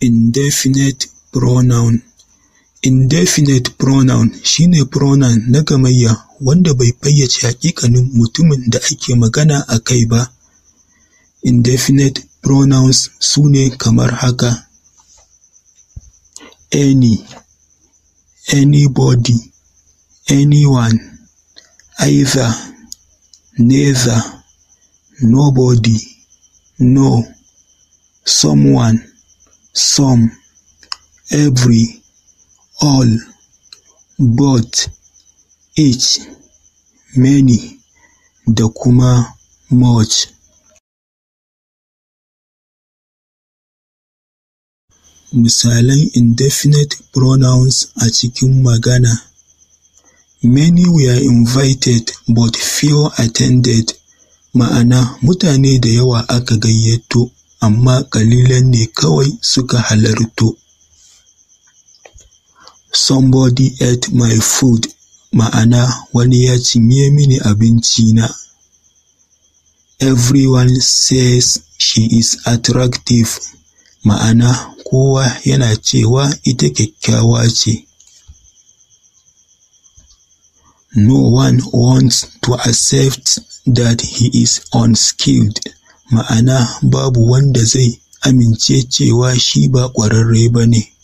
Indefinite Pronoun Indefinite pronoun shine ne pronoun na gamayya wanda bai fayyace haƙiƙanin mutumin da ake magana a kai ba. Indefinite pronouns su ne kamar haka: Any, Anybody, Anyone, Either, Neither, Nobody, No, Someone. some, every, all, both, each, many, da kuma much. Misalan indefinite pronouns a cikin magana Many were invited but few attended, ma'ana mutane da yawa aka gayyato. amma ƙalilan ne kawai suka halarto. Somebody ate my food, ma'ana wani ya cinye mini na. Everyone says she is attractive, ma'ana kowa yana cewa ita kyakkyawa ce. No one wants to accept that he is unskilled. Ma'ana, babu wanda zai amince cewa shi ba ƙwararre ba ne.